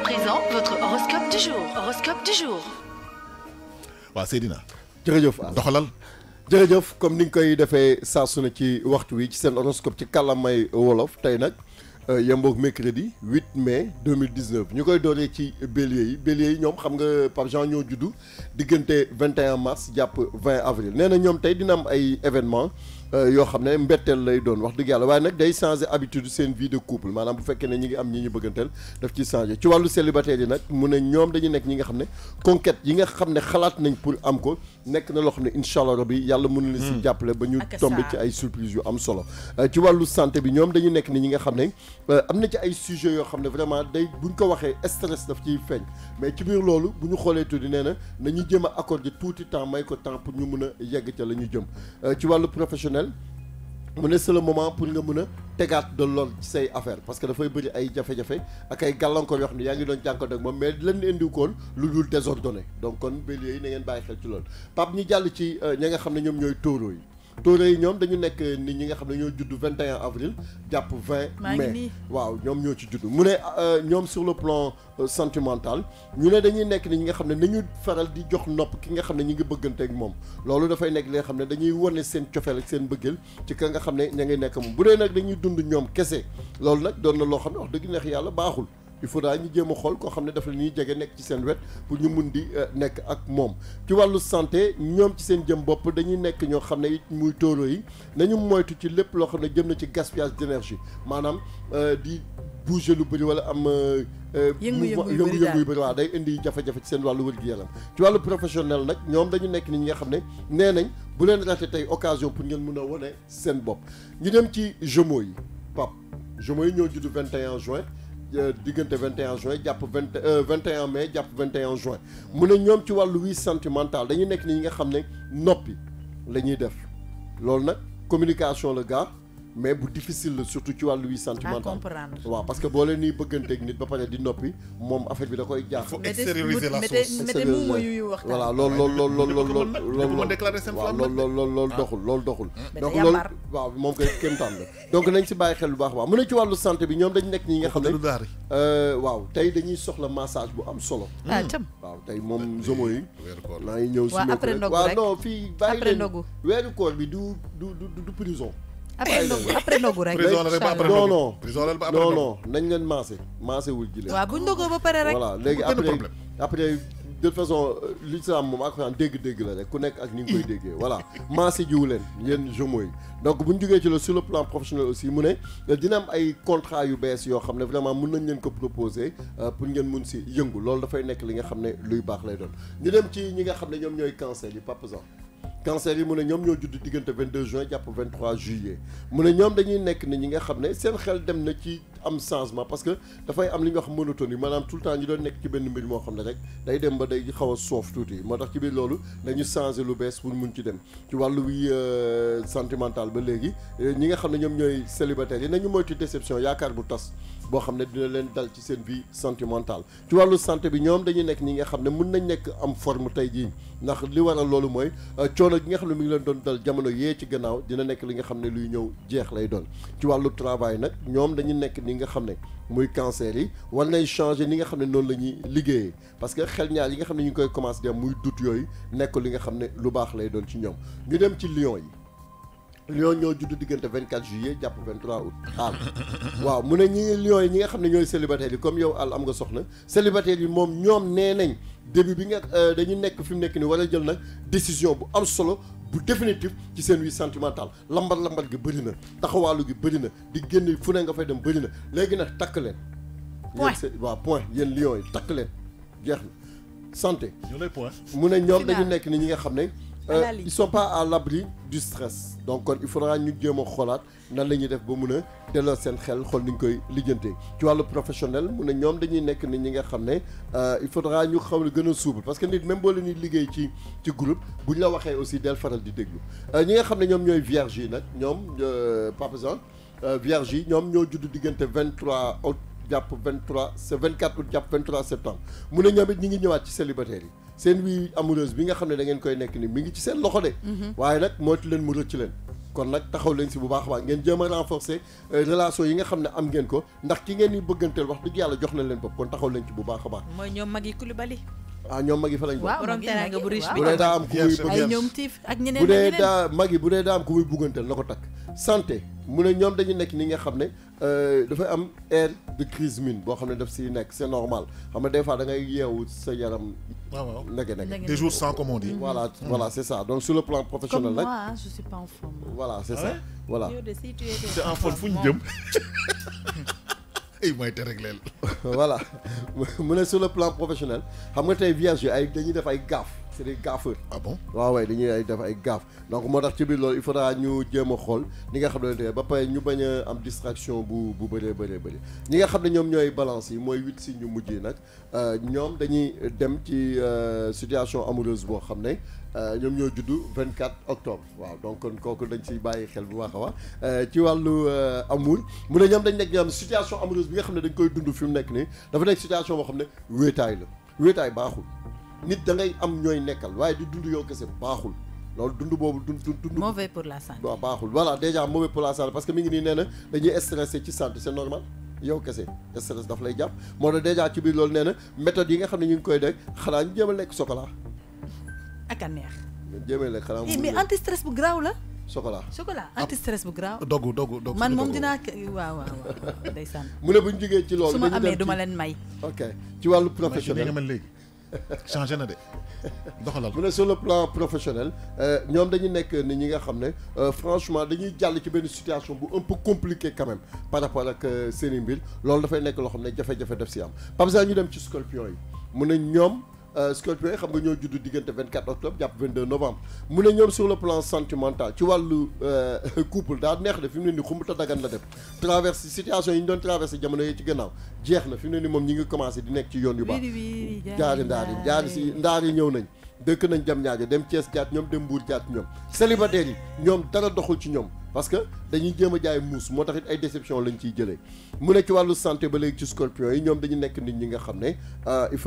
À présent, votre horoscope du jour. Horoscope du jour. jërëjëf doxalal. jërëjëf comme ni nga koy defee saa ci waxtu wi ci seen horoscope ci kàllaamay wolof tey nag euh, yemboog mercredi 8 mai 2019 ñu koy dooree ci bélier yi bélier yi ñoom xam nga par Jean ñoo juddu diggante 21 mars jàpp 20 avril nee na ñoom tey dina am ay événements. Euh, yoo xam ne mbetteel lay doon wax dëgg yàlla waaye nag day changer habitude seen vie couple maanaam bu fekkee ne ñi ngi am ñi ñu bëgganteel daf ci changer ci wàllu célibataire yi nag mu ne ñoom dañu nekk ñi nga xam ne conquête yi nga xam ne xalaat nañ pour am ko nekk na loo xam ne incha allah rabbi yàlla mën na si hmm. jàppale ba ñu tombé ci ay surprise yu am solo euh, ci wàllu santé bi ñoom dañu nekk ni ñi nga xam ne euh, am na ci ay sujets yoo xam ne vraiment day buñ ko waxee stress daf ciy feeñ mais ci biir loolu bu ñu xoolee tuddi nee na nañu jëm a accorder tuuti temps may ko temps pour ñu mën a yegg ca ñu jëm ci wàllu professionnel mu ne c'est moment pour nga mun a tegaat doon lool ci say affaire parce que dafay bëri ay jafe-jafe ak ay gàllankoor yoo xam ne yaa ngi doon jànkoonte ak moom mais leen indiw koon lu dul désordonné donc kon bélier yi na ngeen bàyyi xel ci loolu Pape ñu jàll ci euh, ña nga xam ne ñoom ñooy tóoroo yi tóore yi ñoom dañu nekk nit ñi nga xam ne ñoo judd 21 avril jàpp 20 mai waaw ñoom ñoo ci judd mu ne euh, ñoom sur le plan euh, sentimental ñu ne dañuy nekk nit ñi nga xam ne ni nañu faral di jox nopp ki nga xam ne ñu ngi bëggante ak moom loolu dafay nekk li nga xam ne dañuy wane seen cofeel ak seen bëggeel ci ka nga xam ne ña ngi nekk moom bu dee nag dañuy dund ñoom kese loolu nag doon na loo xam ne wax dëgg neex yàlla baaxul il faudra ñu jéem a xool koo xam ne daf la ñuy jege nekk ci seen wet pour ñu mun di euh, nekk ak moom ci wàllu santé ñoom ci seen jëm bopp dañuy nekk ñoo xam ne muy tóoro yi nañu moytu ci lépp loo xam ne jëm na ci gaspillage d'énergie maanaam euh, di bouger lu bëri wala am euh, yëngu-yëngu yu yu bëri waaw day indi jafe ci seen wàllu wér-gu-yaram ci wàllu professionnel nag ñoom dañu nekk nit ñi nga xam ne nee nañ bu leen rate tey occasion pour ngeen mun a wane seen bopp ñu dem ci jumeaux yi pap jumeaux yi ñoo juddu 21 juin Euh, diggante 21 juin jàpp 20 21 euh, mai jàpp 21 juin mu ne ñoom ci wàllu wii sentimental dañu nekk ni ñi nga xam ne noppi la ñuy def loolu nag communication la gars mais bu difficile la surtout ci wàllu wi sentimental waaw parce que boo leen nii bëgganteeg nit ba pare di noppi moom affaire bi da koy jaax faut extérioriser la chose voilà loolu loolu loolu loolu loolu loolu waaw loolu loolu loolu loolu ah. doxul doxul donc loolu waaw moom koy kéemtaan la donc nañ si bàyyi xel bu baax a baax mu ne ci wàllu santé bi ñoom dañ nekk ñi nga xam ne euh, waaw tey dañuy soxla massage bu am solo ah, waaw tey moom zomo yi naa ngi ñëw si waaw non fii bàyyi leen weeru koor bi du du du prison après ndogu après ndogu rek. prison la rek nañ leen maase maase wul ji leen. waaw bu ñu ndogoo ba pare rek. voilà léegi après après de toute façon euh, l'islam moom ak xanaan dégg-dégg la rek ku nekk ak ni nga koy déggee voilà maase jiwu leen yéen jumeaux yi donc bu ñu jógee ci la sur le plan professionnel aussi mu ne euh, dina ay contrat yu bees yoo xam ne vraiment mun nañ leen ko proposer euh, pour ngeen mun si yëngu loolu dafay nekk li nga xam ne luy baax lay doon ñu dem ci ñi nga xam ne ñoom ñooy cancer yi Papa cancer yi mu ne ñoom ñoo judd diggante 22 juin jàpp 23 juillet mu ne ñoom dañuy nekk ni ñi nga xam ne seen xel dem na ci am changement parce que dafay am li ñuy wax monotonie maanaam tout le temps ñu doon nekk ci benn mbir moo xam ne rek day dem ba day xaw a soof tuuti moo tax ci biir loolu dañu changer lu bees pour mun ci dem ci wàllu wi euh, sentimental ba léegi ñi nga xam ne ñoom ñooy célibataires yi nañu moytu déception yaakaar bu tas boo xam ne dina leen dal ci seen vie sentimentale ci wàllu santé bi ñoom dañuy nekk ñi nga xam ne mun nañ nekk am forme tey jii ndax li war a loolu mooy euh, coono gi nga xam ne mi ngi leen doon dal jamono yee ci dina nekk li nga xam ne luy ñëw jeex lay doon ci wàllu travail nag ñoom dañuy nekk ni nga xam ne muy cancer yi war nañ changer ni nga xam ne noonu la ñuy liggéeyee parce que xel ñaar yi nga xam ne ñu ngi koy commencé dem muy dut yooyu nekk li nga xam ne lu baax lay doon ci ñoom ñu dem ci lion yi lion ñoo judd diggante 24 juillet jàpp 23 août aal waaw mu ne ñi lion yi ñi nga xam ne ñooy célibataires yi comme yow àll am nga soxna célibataires yi moom ñoom nee nañ début bi nga euh, dañu nekk fi mu nekk nii wala jël nag décision bu am solo bu définitif ci seen wii sentimental lambar lambar gi bëri na taxawaalu gi bëri na di génn fu ne nga fay dem bëri na léegi nag takk leen yéen waaw point yéen lion yi takk leen jeex na santé ñu lay point mu ne nekk ni ñi nga xam ne Euh, ils sont pas à l'abri du stress donc kon il faudra ñu jéem a xoolaat nan la ñuy def ba mun a delloo seen xel xool ni ñu koy liggante ci wàllu professionnel mu ne ñoom dañuy nekk ni ñi nga xam ne euh, il faudra ñu xam gën a suubul parce que nit même boo leen di liggéey ci ci groupe bu ñu la waxee aussi del faral di déglu euh, ñi nga xam ne ñoom ñooy vierge yi nag ñoom euh, par exemple vierge yi ñoom ñoo judd diggante 23 août jàpp 23 c'est 24 août jàpp 23 septembre mu ne ñoom it ngi ñëwaat ci célibataires yi seen vie amoureuse bi nga xam ne da koy nekk nii mi ngi ci seen loxo de. Mhm. waaye nag moytu leen mu rëcc leen. kon nag taxaw leen si bu baax a baax ngeen jéem a euh, relation yi nga xam ne am ngeen ko ndax ki ngeen di bëgganteel wax dëgg yàlla jox na leen bopp kon taxaw leen ci bu baax a baax. mooy ñoom Magui Coulibaly. ah ñoom Magui fa lañ. waaw borom teraanga am ku muy bëgganteel ay ñoom Tif ak ñeneen ñeneen bu bu dee daa am ku muy bëgganteel na ko takk santé mu ne ñoom dañu nekk ni nga xam ne euh, dafay am air de crise mine boo xam ne daf siy nekk c' est normal xam nga des fois da ngay yeewu sa yaram. Ah, waaw waaw ndege ndege des jours sans comme on wala voilà hmm. voilà ça donc sur le plan professionnel. comme moi je suis pas en ah ça voilà. yow de en forme fu ñu jëm. ay mooy te leen voilà mu ne sur le plan professionnel xam nga tey vierge yu ay dañuy def ay gaaf c'est des gaffeurs ah bon waaw waay dañuy ay def ay gaaf donc moo tax ci biir loolu il faudra ñu jéem a xool ñi nga xam ne ba pare ñu bañ a am distraction bu bu bëree bëree bëri ñi nga xam ne ñoom ñooy balance yi mooy huit si ñu mujj yi nag euh, ñoom dañuy dem ci euh, situation amoureuse boo xam ne Euh, ñoom ñoo juddu 24 octobre waaw donc kon kooku dañ ciy bàyyi xel bu baax a wax euh, ci wàllu euh, amuñ mu ne ñoom dañ nekk ñoom situation amoureuse bi nga xam ne dañ koy dund fi mu nekk nii dafa nekk situation boo xam ne wéetaay la wéetaay baaxul nit da ngay am ñooy nekkal waaye di dund yow kese baaxul loolu dund boobu dund dund. mauvais pour la santé waaw baaxul voilà déjà mauvais pour la santé parce que mi ngi nii nee na dañuy stressé ci santé c'est normal. yow kese stress daf ci biir loolu nee na méthode yi nga xam ne ñu ngi koy def xanaa jéem a lekk chocolat ak a neex. jéemee xanaa eh, mais anti bu garaaw la. chocolat chocolat anti stress bu garaaw. dogu dogu dogu man moom dinaa waaw waaw waaw mu ne bu jógee ci loolu. su ma amee du leen may. ok ci wàllu professionnel nga mel léegi changé na de doxalal. mu ne sur le plan professionnel euh, ñoom dañu nekk ni ñi nga xam ne euh, franchement dañuy jàll ci benn situation bu un peu compliquée quand par rapport ak euh, seen mbir loolu dafay nekk loo xam ne jafe-jafe daf si am par exemple ñu dem ci scorpion yi mu ne ñoom. Euh, scorpion xam nga ñoo juddu diggante 24 octobre jàpp 22 novembre mu ne ñoom sur le plan sentimental ci wàllu euh, couple daa neex de fi mu ne ni xumbuta dagan la def traversé situation yi ñu doon traversé jamono yi ci gannaaw jeex na fi ne ni moom ñi ngi commencé di nekk ci yoon yu baax jaari ndaari jaari ñëw nañ dëkk nañ jam ñaajo dem Thiès jaat ñoom dem Mbour jaat ñoom célibataires yi ñoom dara doxul ci ñoom parce que dañuy jëm a jaay muus moo tax it ay déception lañ jëlee mu ne ci wàllu santé ñoom dañu nekk nit ñi nga xam ne euh, il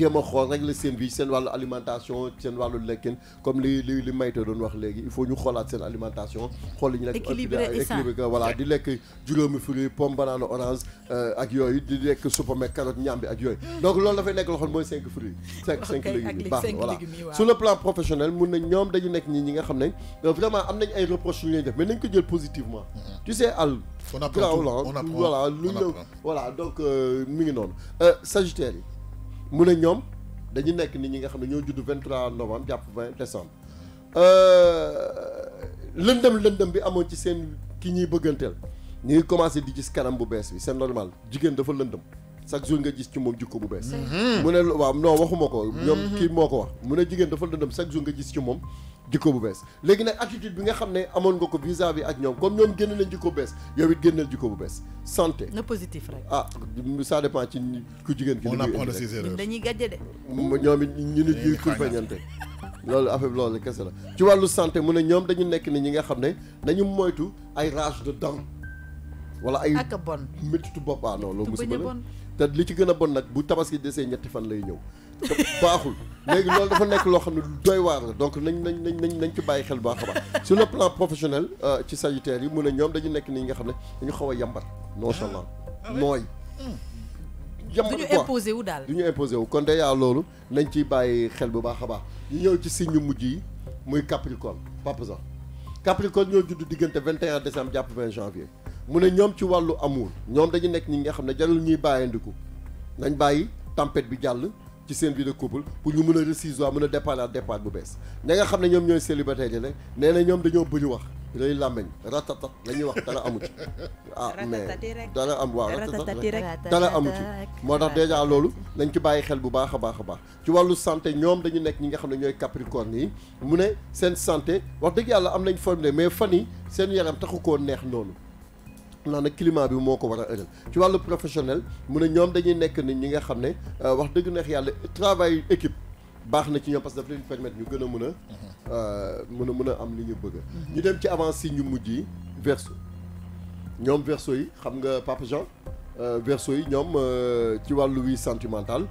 jéem a xool régler seen vie seen wàllu alimentation seen wàllu lekkin comme li li li Mayte doon wax léegi il faut ñu xoolaat seen alimentation xool li ñu lekk équilibré voilà di lekk juróomi fruit pomme banane orange euh, ak yooyu di lekk supame carotte ñambi ak yooyu donc loolu dafay nekk loo mooy cinq fruits cinq cinq légumes baax na voilà sur le plan professionnel mun na ñoom dañu nekk ñi ñi nga xam ne euh, vraiment am nañ ay reproches yu ñuy def mais nañ ko jël positivement mi ngi noonu euh, sagittaire yi mu ne ñoom dañu nekk nit ñi nga xam ne ñoo judd 23 novembre jàpp 20 décembre euh, lëndëm lëndëm bi amoon ci seen ki ñuy bëgganteel ñu ngi commencé di gis kanam bu bees bi c'est normal jigéen dafa lëndëm chaque jour nga gis ci moom jikko bu bees. mu ne waaw non waxuma ko. Mm-hmm. ñoom kii moo ko wax mu ne jigéen dafa lëndëm chaque jour nga gis ci moom. jikko bu bees léegi nag attitude bi nga xam ne amoon nga ko visa bi ak ñoom comme ñoom génn nañ jikko bu bees yow it génnal jikko bu bees santé. na positif rek. ah ça dépend ci ku jigéen ki. on apprend de ses erreurs dañuy gàjje de. ñoom it ñu nit ñuy kurpeñante loolu affaire loolu kese la ci wàllu santé mu ne ñoom dañu nekk ni ñi nga xam ne nañu moytu ay rage de dents. wala ay ak bon méttitu bopp ah non loolu musiba la te li ci gën a bon nag bu tabaski desee ñetti fan lay ñëw. te baaxul léegi loolu dafa nekk loo xam ne doy waar la donc nañ nañ nañ nañ ci bàyyi xel baax a baax sur le plan professionnel euh, ci sanitaire yi mu ne ñoom dañu nekk nii nga xam ne dañu xaw a yambar nonchalant ah, ah nooy hmm. yambar du ñu imposé wu daal du ñu imposé wu kon déjà loolu nañ ciy bàyyi xel bu baax a baax ñu ñëw ci signe mujj yi muy capricorne Papa Zan capricorne ñoo judd diggante 21 décembre jàpp 20 janvier mu ne ñoom ci wàllu amour ñoom dañu nekk nii nga xam ne jarul ñuy bàyyandiku nañ bàyyi tempête bi jàll ci seen vie de couple pour ñu mën a recisoire mën a départ départ bu bees ña nga xam ne ñoom ñooy célibataire yi nag nee na ñoom dañoo bëri wax lay làmmeñ ratatat la ñuy wax dara amu ci ah mais dara am waaw ratatat dara moo tax dèjà loolu nañ ci bàyyi xel bu baax a baax a baax ci wàllu santé ñoom dañu nekk ñi nga xam ne ñooy capricorne yi mu ne seen santé wax dëgg yàlla am nañ formé mais fan yi seen yaram taxu koo neex noonu naa nag climat bi moo ko war a ëral ci wàllu professionnel mu ne ñoom dañuy nekk ni ñi nga xam ne euh, wax dëgg neex yàlla travail équipe baax na ci ñoom parce que daf leen permettre ñu gën a mën a euh, mën a mun a am li ñu bëgg mhm. ñu dem ci avancé ñu mujj yi verso ñoom verso yi xam nga Papa Jean euh, yi ñoom ci wàllu wi sentimental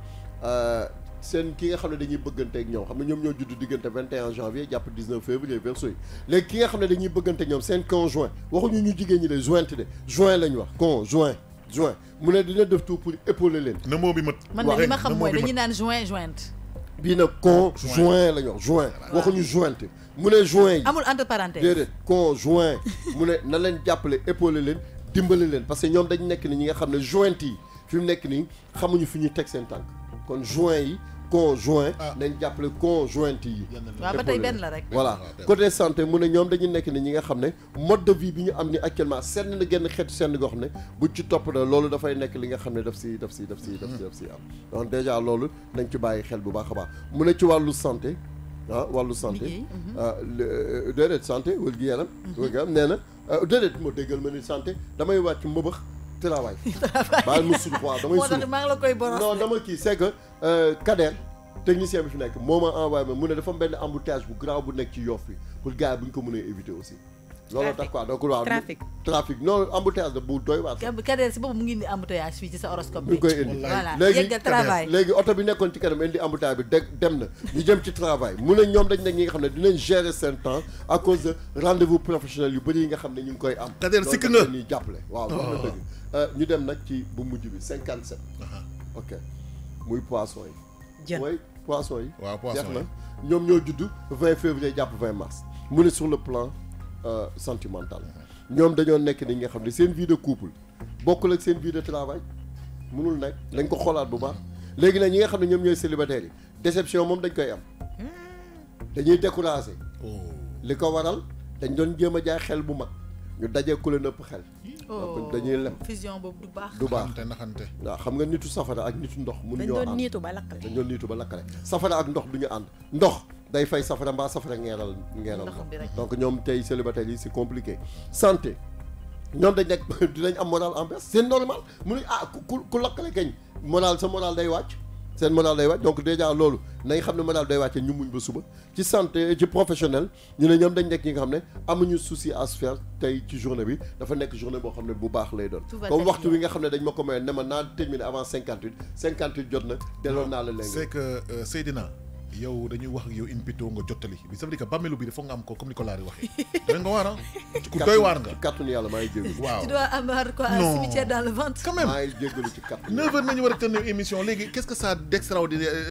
seen ki nga xam ne dañuy bëgganteeg ñoom xam nga ñoom ñoo judd diggante 21 janvier jàpp 19 février verseau yi léegi ki nga xam ne dañuy bëgganteeg ñoom seen conjoint waxuñu ñu jigéen ñi de jointe de joint lañ wax conjoint joint mu ne dina def tout pour épauler leen. na moo bi mët. man na xam mooy dañuy naan joint jointe. bii nag conjoint la ñu wax joint waxuñu jointe mu ne joint yi. amul entre parenthèses déedéet conjoint mu ne na leen jàppale épauler leen dimbale leen parce que ñoom dañ nekk ni ñi nga xam ne jointe yi fi nekk nii xamuñu fi ñuy teg seen tànk. kon joint yi conjoint ah. nañ jàppale conjointe yi waaw ba tey benn la rek voilà ah, côté santé mu ne ñoom dañu nekk ni ñi nga xam ne mode de bi ñu am ni actuellement senn na genn xeetu senn goo xam ne buñ ci topp da loolu dafay nekk li nga xam ne daf si daf si def si daf si si am donc déjà loolu nañ ci bàyyi xel bu baax a baax mu ne ci wàllu santé ah wàllu santé mhm. ah, euh, déedéet santé wër gi yaram mhm. wër gi yaram nee na euh, déedéet moo déggal ma ni santé damay wàcc mbëbëx travail. baal ma suñu waaw damay suñu maa ngi la koy boros non dama kii c'est que euh, Kader technicien bi fi nekk moo ma envoyé ma mu ne dafa am bu embouteillage bu garaaw bu nekk ci Yoff bi pour gars yi bu ñu ko mënee éviter aussi. looloo tax quoi donc waaw trafic trafic noonu embouteillage bu dooy waar. Kader si boobu mu ngi indi embouteillage fii ci sa horoscope bi. nekkoon ci kanam indi embouteillage dem na ñu jëm ci travail mu ne ñoom dañ nekk ñi nga xam ne dinañ gérer seen temps à cause de rendez-vous professionnel yu bëri yi nga xam ne ñu ngi koy am. Kader sikk na loolu ñuy jàppale waaw wax na dëgg ñu dem nag ci bu mujj bi 57. Uh-huh. ok muy poisson yi. jën mooy poisson yi. waaw poisson yi jeex na ñoom ñoo judd 20 février jàpp 20 mu ne sur le plan Euh, sentimentale ñoom dañoo nekk ni nga xam ne seen vie de couple bokkul ak seen vie de travail mënul nekk dañ ko xoolaat bu baax léegi nag ñi nga xam ne ñoom ñooy célibataires yi déception moom dañ koy am dañuy découragé oh. li ko waral dañ doon jéem a jaay xel bu mag ñu dajee ku leen ëpp xel oh. donc dañuy lem fusion boobu du baax du baax naxante waaw xam nga nitu safara ak nitu ndox mun ñoo ànd dañ doon niitu ba lakkale dañ doon niitu ba lakkale safara ak ndox du ñu ànd ndox day fay safara mbaa safara ngeeral ngeeral donc ñoom tey célibataires yi c'est compliqué santé ñoom dañ nekk dinañ am moral en baisse c'est normal mu ne ah ku ku lakkale gañ moral sa moral day wàcc seen moral day wàcc donc déjà loolu nañ xam ne moral day wàcce ñu muñ ba suba ci santé ci professionnel ñu ne ñoom dañ dekk ñi nga xam ne amuñu souci à se tey ci journée bi dafa nekk journée boo xam ne bu baax lay doon comme waxtu wi nga xam ne dañ ma ko mayoon ma naa terminer avant cinquante huit cinquante na delloon naa la léegi c'est que euh, Seydina yow dañuy wax ak yow in petto nga jottali bi ça veut dire que bàmmeelu biir foog nga am comme ni ko laari waxee doy nga waar ah? ku doy waar nga kàttanu yàlla maa ngi jégalu waaw tu dois avoir quoi un cimetière même maa nañu war a tënn émission léegi qu'est-ce que ça d'extraordinaire